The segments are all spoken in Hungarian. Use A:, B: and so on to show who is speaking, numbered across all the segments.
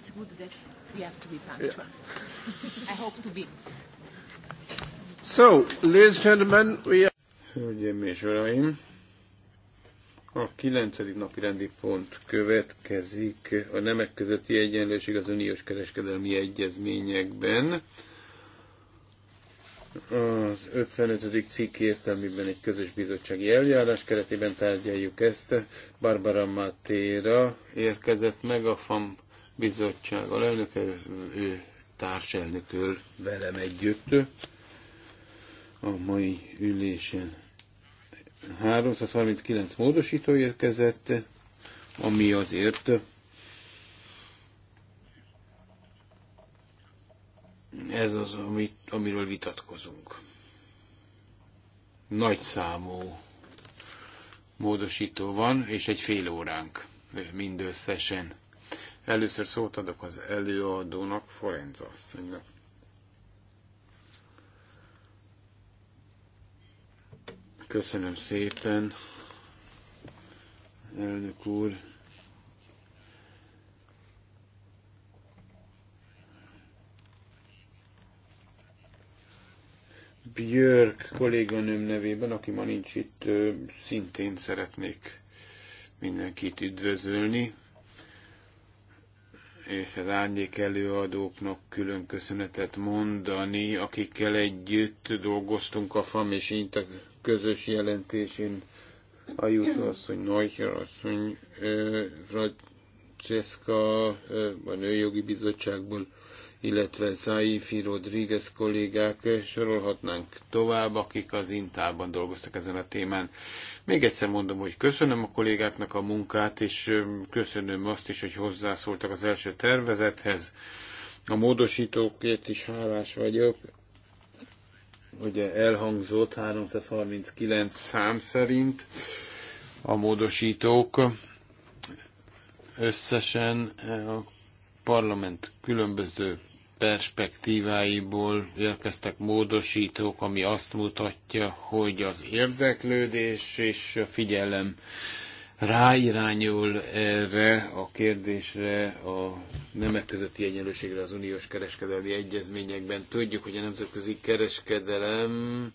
A: it's good that we have to be punctual. Yeah. I hope to be.
B: So, ladies and gentlemen, we are... Hölgyeim és uraim, a kilencedik napi rendi pont következik a nemek közötti egyenlőség az uniós kereskedelmi egyezményekben. Az 55. cikk értelmében egy közös bizottsági eljárás keretében tárgyaljuk ezt. Barbara Matéra érkezett meg a FAM bizottság alelnöke, ő társelnököl velem együtt a mai ülésen. 339 módosító érkezett, ami azért ez az, amit, amiről vitatkozunk. Nagy számú módosító van, és egy fél óránk mindösszesen. Először szót adok az előadónak, Forenza asszonynak. Köszönöm szépen, elnök úr. Björk kolléganőm nevében, aki ma nincs itt, szintén szeretnék mindenkit üdvözölni és az árnyék előadóknak külön köszönetet mondani, akikkel együtt dolgoztunk a FAM és Inta közös jelentésén. A Jutó asszony, Neucher asszony, Francesca, a Nőjogi Bizottságból illetve Zaifi Rodriguez kollégák, eh, sorolhatnánk tovább, akik az Intában dolgoztak ezen a témán. Még egyszer mondom, hogy köszönöm a kollégáknak a munkát, és eh, köszönöm azt is, hogy hozzászóltak az első tervezethez. A módosítókért is hálás vagyok. Ugye elhangzott 339 szám szerint a módosítók összesen eh, a parlament különböző perspektíváiból érkeztek módosítók, ami azt mutatja, hogy az érdeklődés és a figyelem ráirányul erre a kérdésre a nemek közötti egyenlőségre az uniós kereskedelmi egyezményekben. Tudjuk, hogy a nemzetközi kereskedelem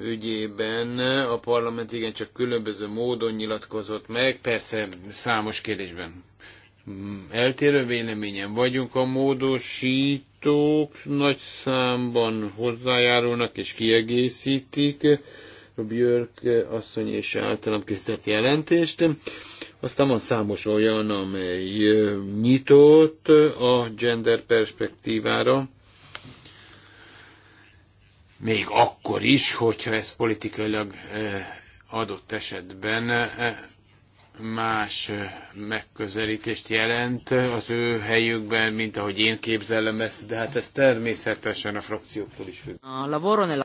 B: ügyében a parlament igencsak különböző módon nyilatkozott meg, persze számos kérdésben eltérő véleményen vagyunk, a módosítók nagy számban hozzájárulnak és kiegészítik a Björk asszony és általam készített jelentést. Aztán van számos olyan, amely nyitott a gender perspektívára, még akkor is, hogyha ez politikailag adott esetben más megközelítést jelent az ő helyükben, mint ahogy én képzelem ezt, de hát ez természetesen a frakcióktól is függ.
A: A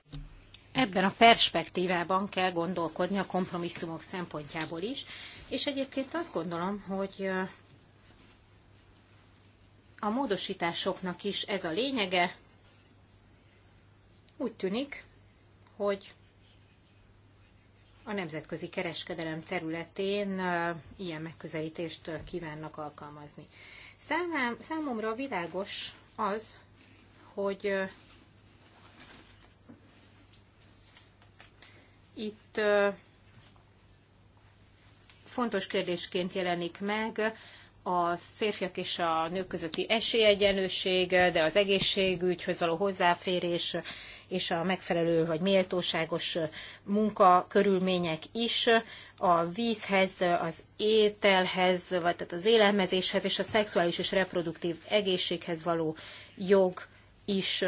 A: Ebben a perspektívában kell gondolkodni a kompromisszumok szempontjából is, és egyébként azt gondolom, hogy a módosításoknak is ez a lényege. Úgy tűnik, hogy a nemzetközi kereskedelem területén ilyen megközelítést kívánnak alkalmazni. Számám, számomra világos az, hogy itt fontos kérdésként jelenik meg a férfiak és a nők közötti esélyegyenlőség, de az egészségügyhöz való hozzáférés, és a megfelelő vagy méltóságos munkakörülmények is a vízhez, az ételhez, vagy tehát az élelmezéshez és a szexuális és reproduktív egészséghez való jog is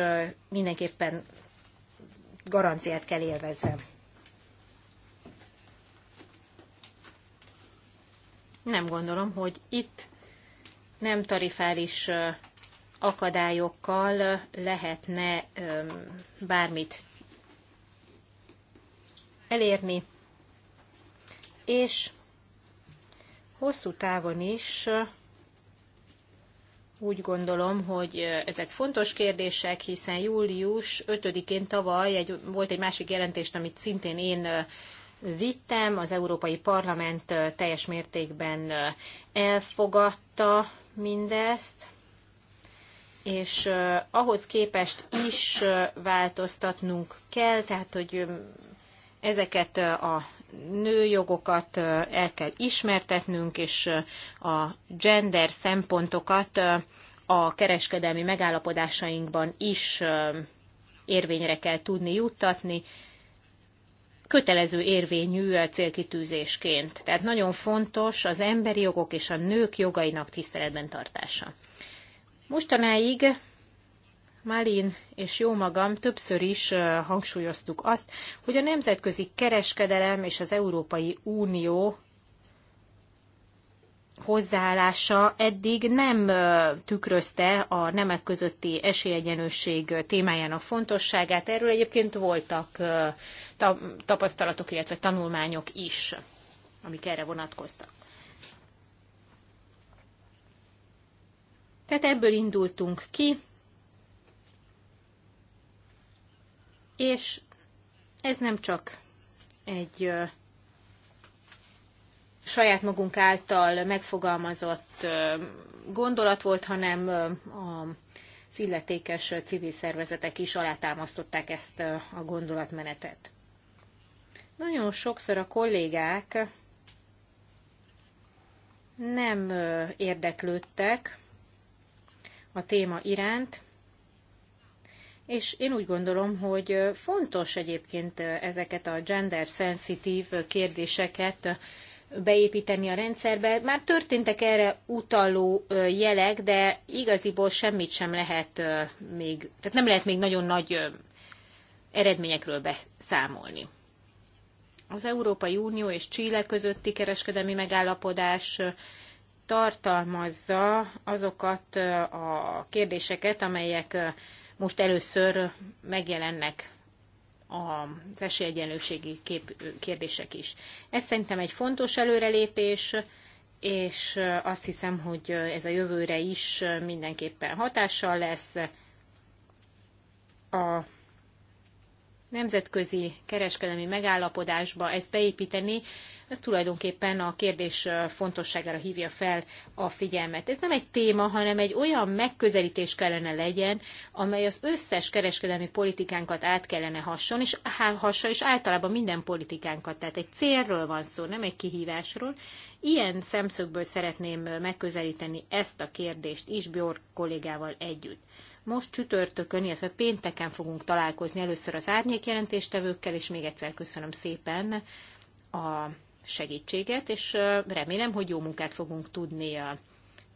A: mindenképpen garanciát kell élvezze. Nem gondolom, hogy itt nem tarifális akadályokkal lehetne bármit elérni, és hosszú távon is úgy gondolom, hogy ezek fontos kérdések, hiszen július 5-én tavaly egy, volt egy másik jelentést, amit szintén én vittem, az Európai Parlament teljes mértékben elfogadta mindezt és ahhoz képest is változtatnunk kell, tehát hogy ezeket a nőjogokat el kell ismertetnünk, és a gender szempontokat a kereskedelmi megállapodásainkban is érvényre kell tudni juttatni, kötelező érvényű célkitűzésként. Tehát nagyon fontos az emberi jogok és a nők jogainak tiszteletben tartása. Mostanáig Malin és jó magam többször is hangsúlyoztuk azt, hogy a nemzetközi kereskedelem és az Európai Unió hozzáállása eddig nem tükrözte a nemek közötti esélyegyenlőség témájának fontosságát. Erről egyébként voltak tapasztalatok, illetve tanulmányok is, amik erre vonatkoztak. Tehát ebből indultunk ki, és ez nem csak egy saját magunk által megfogalmazott gondolat volt, hanem az illetékes civil szervezetek is alátámasztották ezt a gondolatmenetet. Nagyon sokszor a kollégák nem érdeklődtek a téma iránt, és én úgy gondolom, hogy fontos egyébként ezeket a gender sensitive kérdéseket beépíteni a rendszerbe. Már történtek erre utaló jelek, de igaziból semmit sem lehet még, tehát nem lehet még nagyon nagy eredményekről beszámolni. Az Európai Unió és Chile közötti kereskedelmi megállapodás tartalmazza azokat a kérdéseket, amelyek most először megjelennek az esélyegyenlőségi kérdések is. Ez szerintem egy fontos előrelépés, és azt hiszem, hogy ez a jövőre is mindenképpen hatással lesz. A nemzetközi kereskedelmi megállapodásba ezt beépíteni, ez tulajdonképpen a kérdés fontosságára hívja fel a figyelmet. Ez nem egy téma, hanem egy olyan megközelítés kellene legyen, amely az összes kereskedelmi politikánkat át kellene hasson, és hassa, és általában minden politikánkat. Tehát egy célról van szó, nem egy kihívásról. Ilyen szemszögből szeretném megközelíteni ezt a kérdést is Björk kollégával együtt. Most csütörtökön, illetve pénteken fogunk találkozni először az árnyékjelentéstevőkkel, és még egyszer köszönöm szépen a segítséget, és remélem, hogy jó munkát fogunk tudni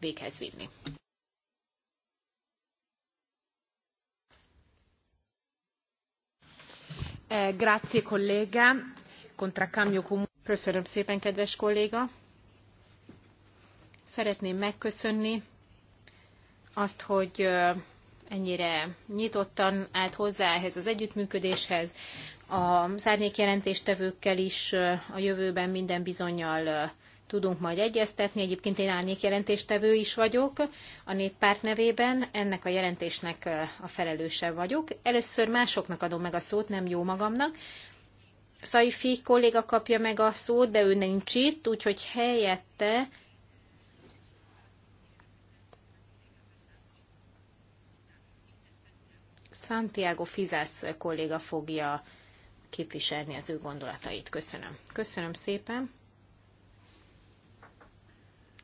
A: véghez vinni. Eh, grazie collega. Contraccambio Köszönöm szépen, kedves kolléga. Szeretném megköszönni azt, hogy ennyire nyitottan állt hozzá ehhez az együttműködéshez. A jelentéstevőkkel is a jövőben minden bizonyal tudunk majd egyeztetni. Egyébként én jelentéstevő is vagyok a néppárt nevében, ennek a jelentésnek a felelőse vagyok. Először másoknak adom meg a szót, nem jó magamnak. Szaifi kolléga kapja meg a szót, de ő nincs itt, úgyhogy helyette Santiago Fizász kolléga fogja képviselni az ő gondolatait. Köszönöm. Köszönöm szépen.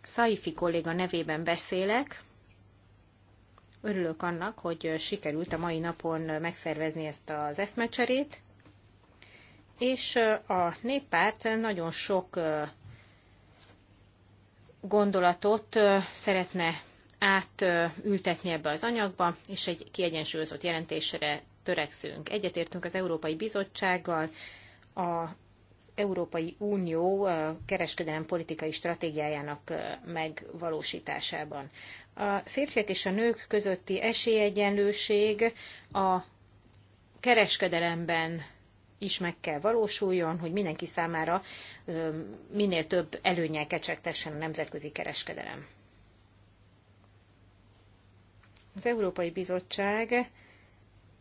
A: Saifi kolléga nevében beszélek. Örülök annak, hogy sikerült a mai napon megszervezni ezt az eszmecserét, és a néppárt nagyon sok gondolatot szeretne átültetni ebbe az anyagba, és egy kiegyensúlyozott jelentésre törekszünk. Egyetértünk az Európai Bizottsággal, a Európai Unió kereskedelem politikai stratégiájának megvalósításában. A férfiak és a nők közötti esélyegyenlőség a kereskedelemben is meg kell valósuljon, hogy mindenki számára minél több előnyel kecsegtessen a nemzetközi kereskedelem. Az Európai Bizottság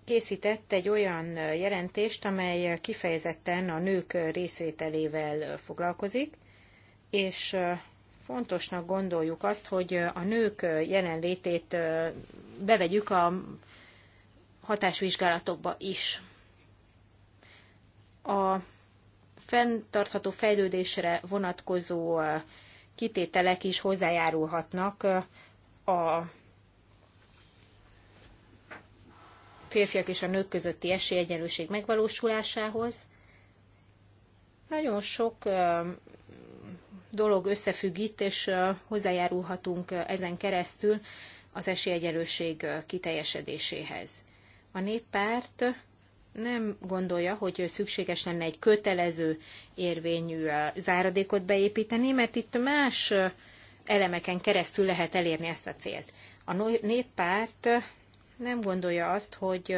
A: készített egy olyan jelentést, amely kifejezetten a nők részvételével foglalkozik, és fontosnak gondoljuk azt, hogy a nők jelenlétét bevegyük a hatásvizsgálatokba is. A fenntartható fejlődésre vonatkozó kitételek is hozzájárulhatnak a férfiak és a nők közötti esélyegyenlőség megvalósulásához. Nagyon sok dolog összefügg itt, és hozzájárulhatunk ezen keresztül az esélyegyenlőség kiteljesedéséhez. A néppárt nem gondolja, hogy szükséges lenne egy kötelező érvényű záradékot beépíteni, mert itt más elemeken keresztül lehet elérni ezt a célt. A néppárt nem gondolja azt, hogy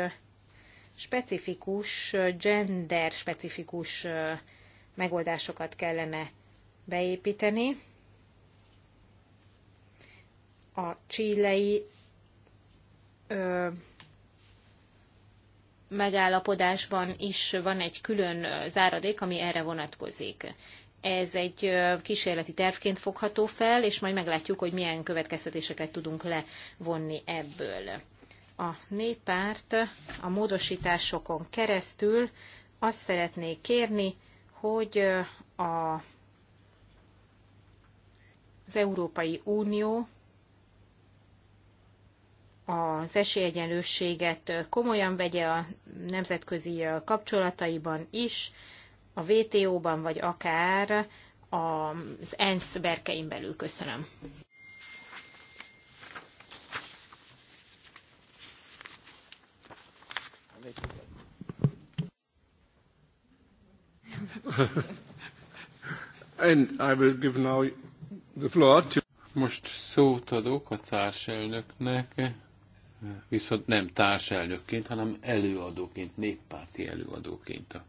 A: specifikus, gender specifikus megoldásokat kellene beépíteni. A csillei megállapodásban is van egy külön záradék, ami erre vonatkozik. Ez egy kísérleti tervként fogható fel, és majd meglátjuk, hogy milyen következtetéseket tudunk levonni ebből a néppárt a módosításokon keresztül azt szeretné kérni, hogy a, az Európai Unió az esélyegyenlősséget komolyan vegye a nemzetközi kapcsolataiban is, a WTO-ban, vagy akár az ENSZ berkein belül. Köszönöm.
B: And I will give now the floor to... Most szót adok a társelnöknek, viszont nem társelnökként, hanem előadóként, néppárti előadóként a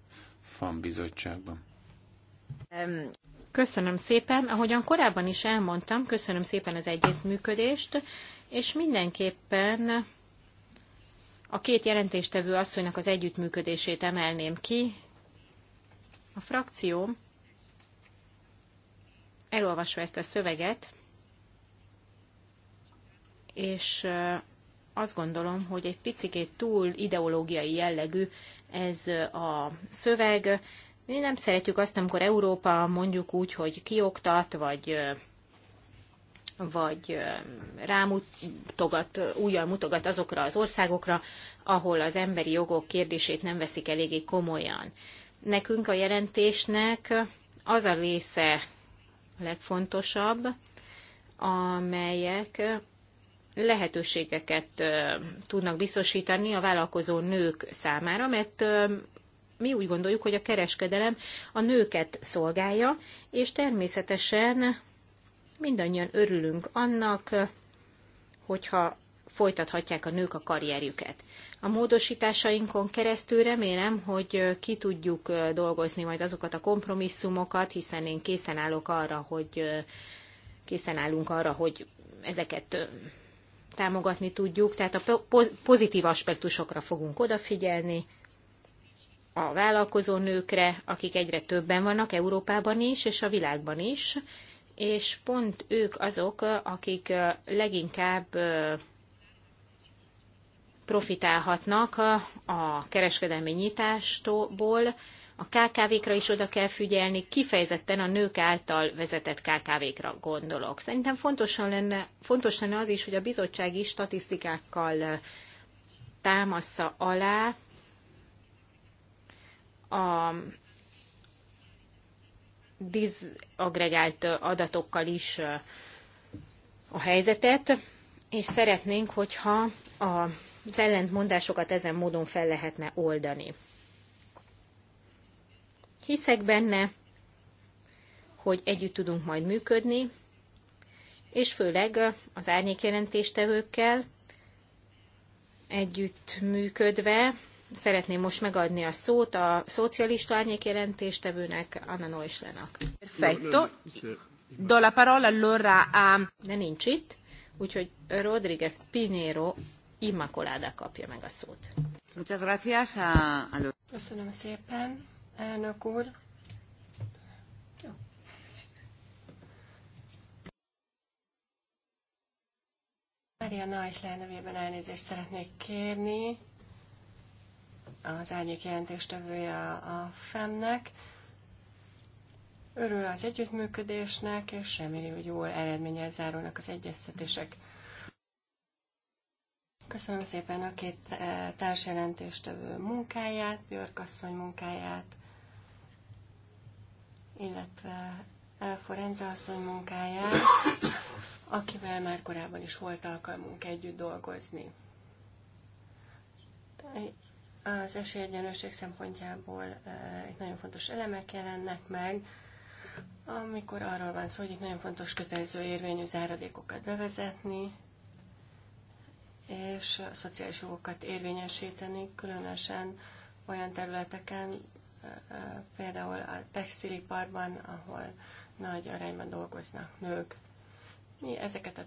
B: FAM bizottságban.
A: Köszönöm szépen. Ahogyan korábban is elmondtam, köszönöm szépen az együttműködést, és mindenképpen a két jelentéstevő asszonynak az együttműködését emelném ki. A frakció elolvasva ezt a szöveget, és azt gondolom, hogy egy picit túl ideológiai jellegű ez a szöveg. Mi nem szeretjük azt, amikor Európa mondjuk úgy, hogy kioktat, vagy vagy rámutogat, újjal mutogat azokra az országokra, ahol az emberi jogok kérdését nem veszik eléggé komolyan. Nekünk a jelentésnek az a része a legfontosabb, amelyek lehetőségeket tudnak biztosítani a vállalkozó nők számára, mert mi úgy gondoljuk, hogy a kereskedelem a nőket szolgálja, és természetesen Mindannyian örülünk annak, hogyha folytathatják a nők a karrierjüket. A módosításainkon keresztül remélem, hogy ki tudjuk dolgozni majd azokat a kompromisszumokat, hiszen én készen állok arra, hogy készen állunk arra, hogy ezeket támogatni tudjuk, tehát a pozitív aspektusokra fogunk odafigyelni, a vállalkozó nőkre, akik egyre többen vannak Európában is, és a világban is, és pont ők azok, akik leginkább profitálhatnak a kereskedelmi nyitástól, a KKV-kra is oda kell figyelni, kifejezetten a nők által vezetett KKV-kra gondolok. Szerintem fontosan lenne, fontos lenne az is, hogy a bizottság is statisztikákkal támassza alá a diszagregált adatokkal is a helyzetet, és szeretnénk, hogyha az ellentmondásokat ezen módon fel lehetne oldani. Hiszek benne, hogy együtt tudunk majd működni, és főleg az árnyékjelentéstevőkkel együtt működve Szeretném most megadni a szót a szocialista jelentéstevőnek, Anna Noislenak. Perfetto. Do la parola allora a... De nincs itt, úgyhogy Rodriguez Pinero Immacolada kapja meg a szót. Muchas gracias
C: a... Köszönöm
A: szépen, elnök
C: úr. Maria Nagy nevében elnézést szeretnék kérni az árnyék jelentéstevője a FEM-nek. Örül az együttműködésnek, és reméli, hogy jól eredménnyel zárulnak az egyeztetések. Köszönöm szépen a két e, társjelentéstevő munkáját, Björk asszony munkáját, illetve Forenza asszony munkáját, akivel már korábban is volt alkalmunk együtt dolgozni az esélyegyenlőség szempontjából egy nagyon fontos elemek jelennek meg, amikor arról van szó, hogy itt nagyon fontos kötelező érvényű záradékokat bevezetni, és a szociális jogokat érvényesíteni, különösen olyan területeken, például a textiliparban, ahol nagy arányban dolgoznak nők. Mi ezeket a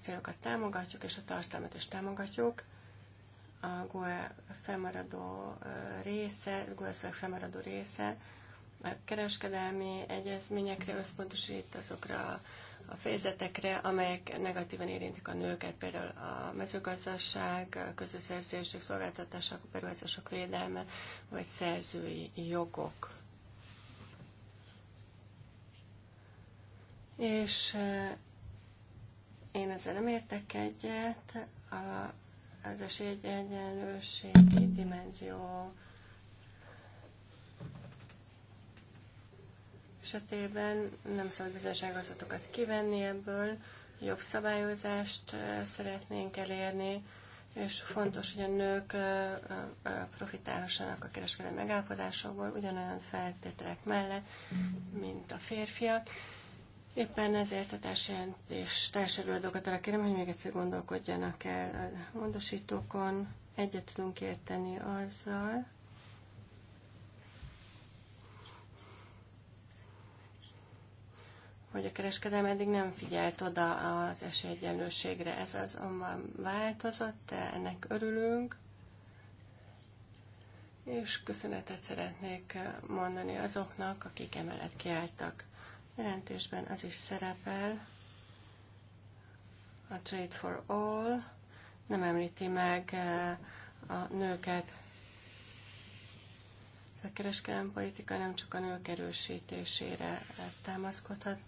C: célokat támogatjuk, és a tartalmat is támogatjuk a GOE felmaradó része, GOE felmaradó része a kereskedelmi egyezményekre összpontosít azokra a fejezetekre, amelyek negatívan érintik a nőket, például a mezőgazdaság, a közösszerzések, szolgáltatások, a beruházások védelme, vagy szerzői jogok. És én ezzel nem értek egyet. A az esélyegyenlőségi dimenzió esetében nem szabad bizonyos kivenni ebből, jobb szabályozást szeretnénk elérni, és fontos, hogy a nők profitálhassanak a kereskedelmi megállapodásokból ugyanolyan feltételek mellett, mint a férfiak, Éppen ezért a társjelentés társadalmadókat arra kérem, hogy még egyszer gondolkodjanak el a módosítókon. Egyet tudunk érteni azzal, hogy a kereskedelem eddig nem figyelt oda az esélyegyenlőségre. Ez azonban változott, de ennek örülünk. És köszönetet szeretnék mondani azoknak, akik emellett kiálltak jelentésben az is szerepel, a Trade for All nem említi meg eh, a nőket. A kereskedelmi politika nem csak a nők erősítésére eh, támaszkodhat,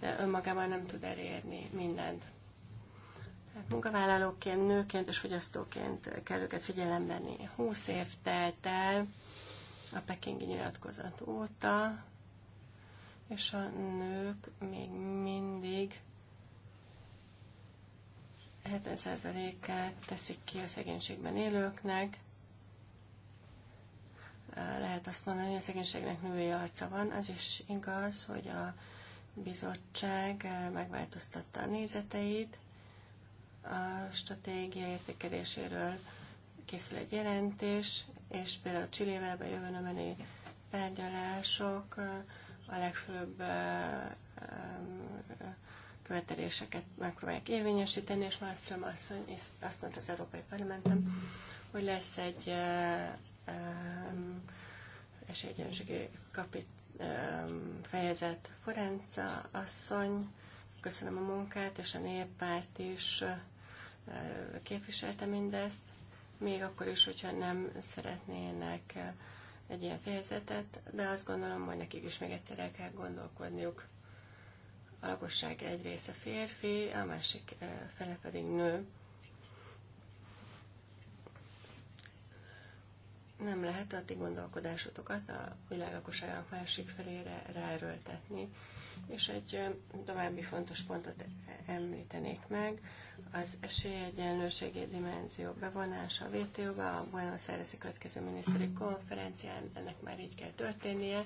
C: de önmagában nem tud elérni mindent. Tehát munkavállalóként, nőként és fogyasztóként kell őket figyelembe Húsz 20 év telt el a pekingi nyilatkozat óta, és a nők még mindig 70%-át teszik ki a szegénységben élőknek. Lehet azt mondani, hogy a szegénységnek női arca van. Az is igaz, hogy a bizottság megváltoztatta a nézeteit, a stratégia értékeléséről készül egy jelentés, és például Csillével bejövőnömeni tárgyalások a legfőbb követeléseket megpróbálják érvényesíteni, és Malmström asszony azt mondta az Európai Parlamentben, hogy lesz egy esélyegyenlőségi kapit fejezet Forenca asszony, köszönöm a munkát, és a néppárt is képviselte mindezt, még akkor is, hogyha nem szeretnének egy ilyen fejezetet, de azt gondolom, hogy nekik is még egyszer el kell gondolkodniuk. A lakosság egy része férfi, a másik eh, fele pedig nő. Nem lehet a ti gondolkodásotokat a világ lakosságának másik felére ráerőltetni. És egy további fontos pontot említenék meg, az esélyegyenlőségi dimenzió bevonása a WTO-ba, a Buenos Aires-i következő miniszteri konferencián, ennek már így kell történnie.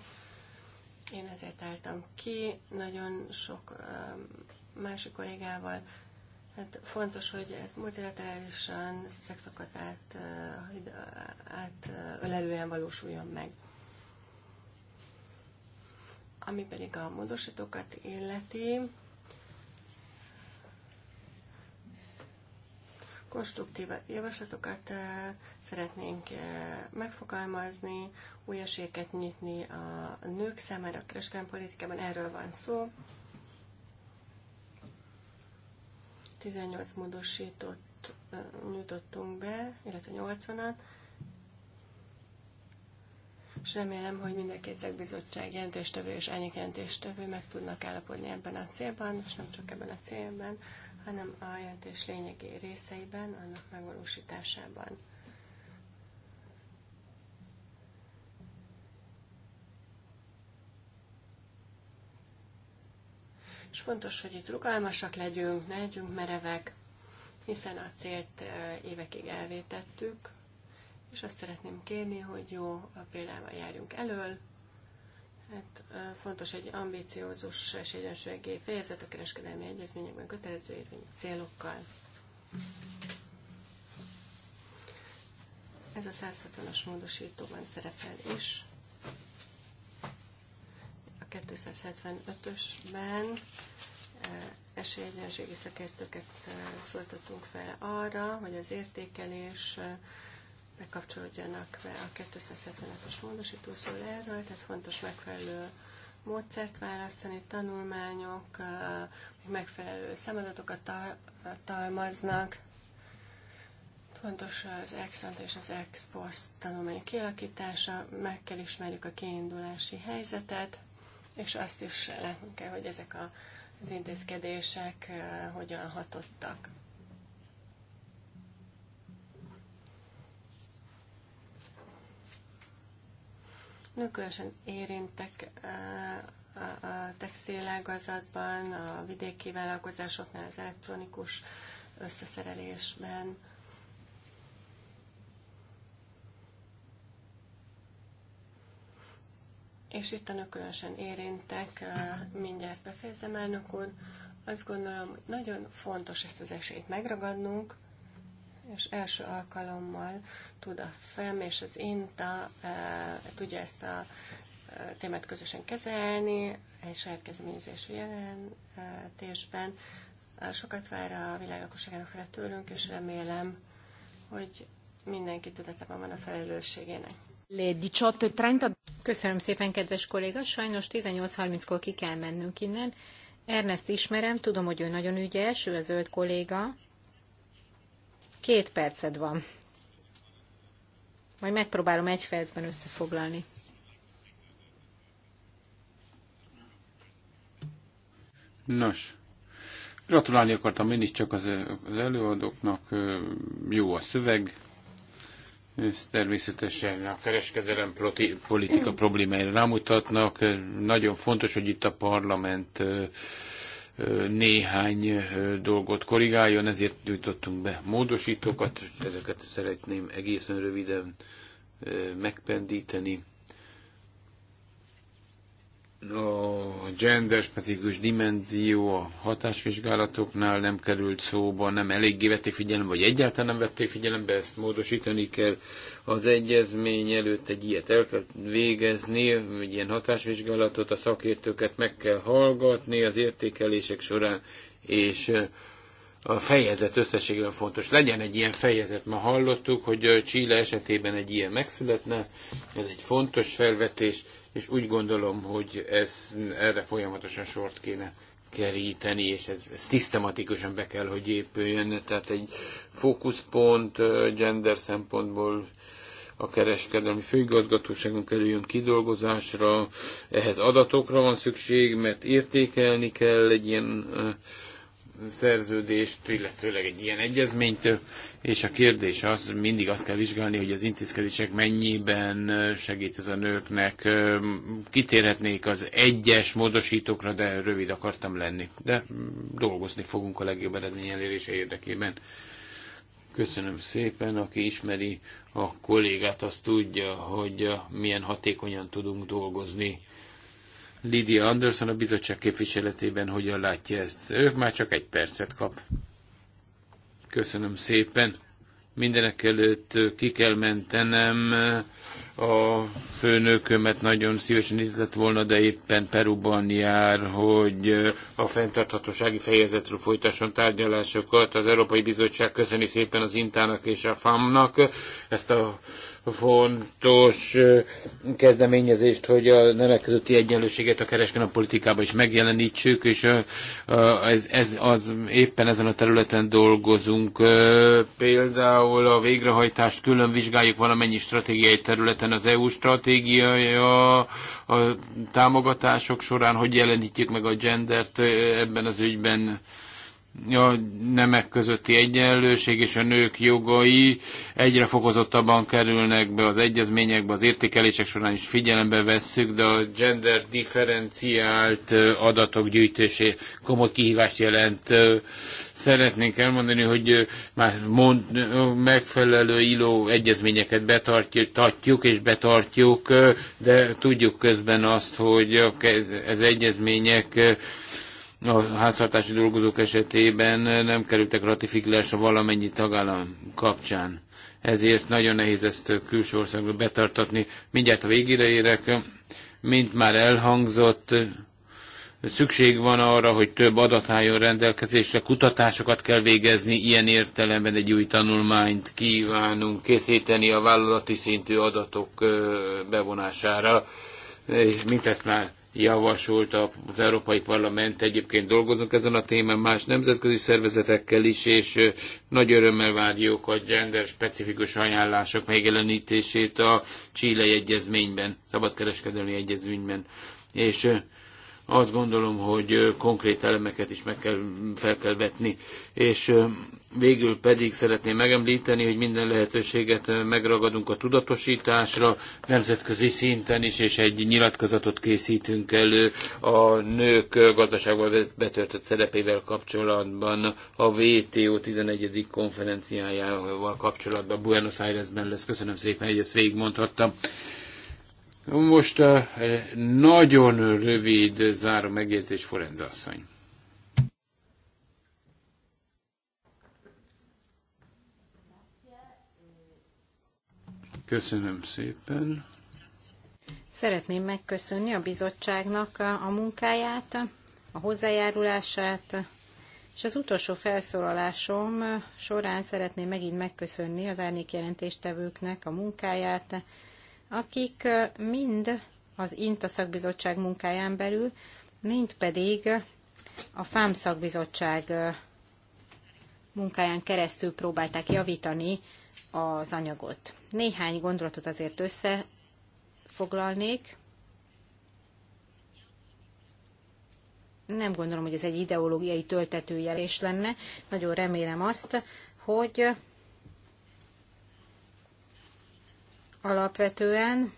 C: Én ezért álltam ki, nagyon sok másik kollégával, Hát fontos, hogy ez multilaterálisan átölelően át, átölelően valósuljon meg. Ami pedig a módosítókat illeti, konstruktív javaslatokat eh, szeretnénk eh, megfogalmazni, új esélyeket nyitni a nők számára a kereskedelmi politikában, erről van szó. 18 módosított eh, nyújtottunk be, illetve 80-at és remélem, hogy mind a két szakbizottság jelentéstevő és ányik meg tudnak állapodni ebben a célban, és nem csak ebben a célban, hanem a jelentés lényegi részeiben, annak megvalósításában. És fontos, hogy itt rugalmasak legyünk, ne legyünk merevek, hiszen a célt évekig elvétettük, és azt szeretném kérni, hogy jó a példával járjunk elől. Hát fontos egy ambíciózus és egyensúlyegé fejezet a kereskedelmi egyezményekben kötelező érvényű célokkal. Ez a 160-as módosítóban szerepel is. A 275-ösben esélyegyenségi szakértőket szóltatunk fel arra, hogy az értékelés bekapcsolódjanak be a 275 os módosító szól erről, tehát fontos megfelelő módszert választani, tanulmányok, megfelelő szemadatokat tartalmaznak, Fontos az ex és az ex post tanulmány kialakítása, meg kell ismerjük a kiindulási helyzetet, és azt is látnunk kell, hogy ezek a, az intézkedések hogyan hatottak. Nők különösen érintek a textilágazatban, a vidéki vállalkozásoknál, az elektronikus összeszerelésben. És itt a különösen érintek, mindjárt befejezem elnök úr. Azt gondolom, hogy nagyon fontos ezt az esélyt megragadnunk, és első alkalommal tud a FEM és az INTA e, tudja ezt a e, témát közösen kezelni, egy saját kezdeményezésű jelentésben. E, sokat vár a világlakosságának lakosságának fele tőlünk, és remélem, hogy mindenki tudatában van a felelősségének.
A: Köszönöm szépen, kedves kolléga. Sajnos 18.30-kor ki kell mennünk innen. Ernest ismerem, tudom, hogy ő nagyon ügyes, ő a zöld kolléga, Két perced van. Majd megpróbálom egy percben összefoglalni.
B: Nos, gratulálni akartam én is csak az, az előadóknak. Jó a szöveg. Ez természetesen a kereskedelem politika problémáira rámutatnak. Nagyon fontos, hogy itt a parlament néhány dolgot korrigáljon, ezért gyújtottunk be módosítókat, ezeket szeretném egészen röviden megpendíteni a gender specifikus dimenzió a hatásvizsgálatoknál nem került szóba, nem eléggé vették figyelembe, vagy egyáltalán nem vették figyelembe, ezt módosítani kell. Az egyezmény előtt egy ilyet el kell végezni, egy ilyen hatásvizsgálatot, a szakértőket meg kell hallgatni az értékelések során, és a fejezet összességében fontos. Legyen egy ilyen fejezet. Ma hallottuk, hogy Csíle esetében egy ilyen megszületne, ez egy fontos felvetés, és úgy gondolom, hogy ez, erre folyamatosan sort kéne keríteni, és ez, ez szisztematikusan be kell, hogy épüljön. Tehát egy fókuszpont gender szempontból a kereskedelmi főigazgatóságon kerüljön kidolgozásra, ehhez adatokra van szükség, mert értékelni kell egy ilyen szerződést, illetőleg egy ilyen egyezményt, és a kérdés az, mindig azt kell vizsgálni, hogy az intézkedések mennyiben segít ez a nőknek. Kitérhetnék az egyes módosítókra, de rövid akartam lenni. De mm, dolgozni fogunk a legjobb eredmény elérése érdekében. Köszönöm szépen, aki ismeri a kollégát, azt tudja, hogy milyen hatékonyan tudunk dolgozni. Lydia Anderson a bizottság képviseletében hogyan látja ezt? Ők már csak egy percet kap. Köszönöm szépen. Mindenek előtt ki kell mentenem a főnökömet nagyon szívesen itt lett volna, de éppen Peruban jár, hogy a fenntarthatósági fejezetről folytasson tárgyalásokat. Az Európai Bizottság köszöni szépen az Intának és a FAM-nak ezt a fontos kezdeményezést, hogy a nemek közötti egyenlőséget a kereskedelmi politikában is megjelenítsük, és ez, ez az, éppen ezen a területen dolgozunk. Például a végrehajtást külön vizsgáljuk valamennyi stratégiai területen, az EU stratégiája, a támogatások során, hogy jelenítjük meg a gendert ebben az ügyben, a nemek közötti egyenlőség és a nők jogai egyre fokozottabban kerülnek be az egyezményekbe, az értékelések során is figyelembe vesszük, de a gender differenciált adatok gyűjtésé komoly kihívást jelent. Szeretnénk elmondani, hogy már mond, megfelelő illó egyezményeket betartjuk és betartjuk, de tudjuk közben azt, hogy ez egyezmények a háztartási dolgozók esetében nem kerültek ratifikálásra valamennyi tagállam kapcsán. Ezért nagyon nehéz ezt külső országban betartatni. Mindjárt a végére érek, mint már elhangzott, szükség van arra, hogy több adat álljon rendelkezésre, kutatásokat kell végezni, ilyen értelemben egy új tanulmányt kívánunk készíteni a vállalati szintű adatok bevonására, és mint ezt már javasolt az Európai Parlament. Egyébként dolgozunk ezen a témán más nemzetközi szervezetekkel is, és nagy örömmel várjuk a gender specifikus ajánlások megjelenítését a Chile egyezményben, szabadkereskedelmi egyezményben. És azt gondolom, hogy konkrét elemeket is meg kell, fel kell vetni, és Végül pedig szeretném megemlíteni, hogy minden lehetőséget megragadunk a tudatosításra, nemzetközi szinten is, és egy nyilatkozatot készítünk elő a nők gazdaságban betöltött szerepével kapcsolatban, a WTO 11. konferenciájával kapcsolatban Buenos Airesben lesz. Köszönöm szépen, hogy ezt végigmondhattam. Most nagyon rövid záró megjegyzés Forenz asszony. Köszönöm szépen.
A: Szeretném megköszönni a bizottságnak a munkáját, a hozzájárulását, és az utolsó felszólalásom során szeretném megint megköszönni az árnyékjelentéstevőknek a munkáját, akik mind az INTA szakbizottság munkáján belül, mind pedig a FAM szakbizottság munkáján keresztül próbálták javítani az anyagot. Néhány gondolatot azért összefoglalnék. Nem gondolom, hogy ez egy ideológiai töltető jelés lenne. Nagyon remélem azt, hogy alapvetően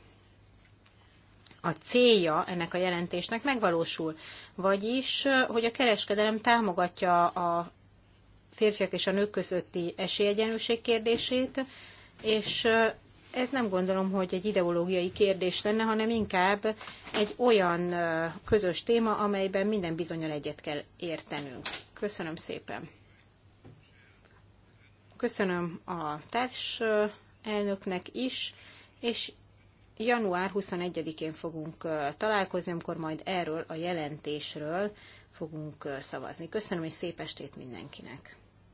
A: a célja ennek a jelentésnek megvalósul. Vagyis, hogy a kereskedelem támogatja a férfiak és a nők közötti esélyegyenlőség kérdését, és ez nem gondolom, hogy egy ideológiai kérdés lenne, hanem inkább egy olyan közös téma, amelyben minden bizonyal egyet kell értenünk. Köszönöm szépen. Köszönöm a társ elnöknek is, és január 21-én fogunk találkozni, amikor majd erről a jelentésről fogunk szavazni. Köszönöm, és szép estét mindenkinek!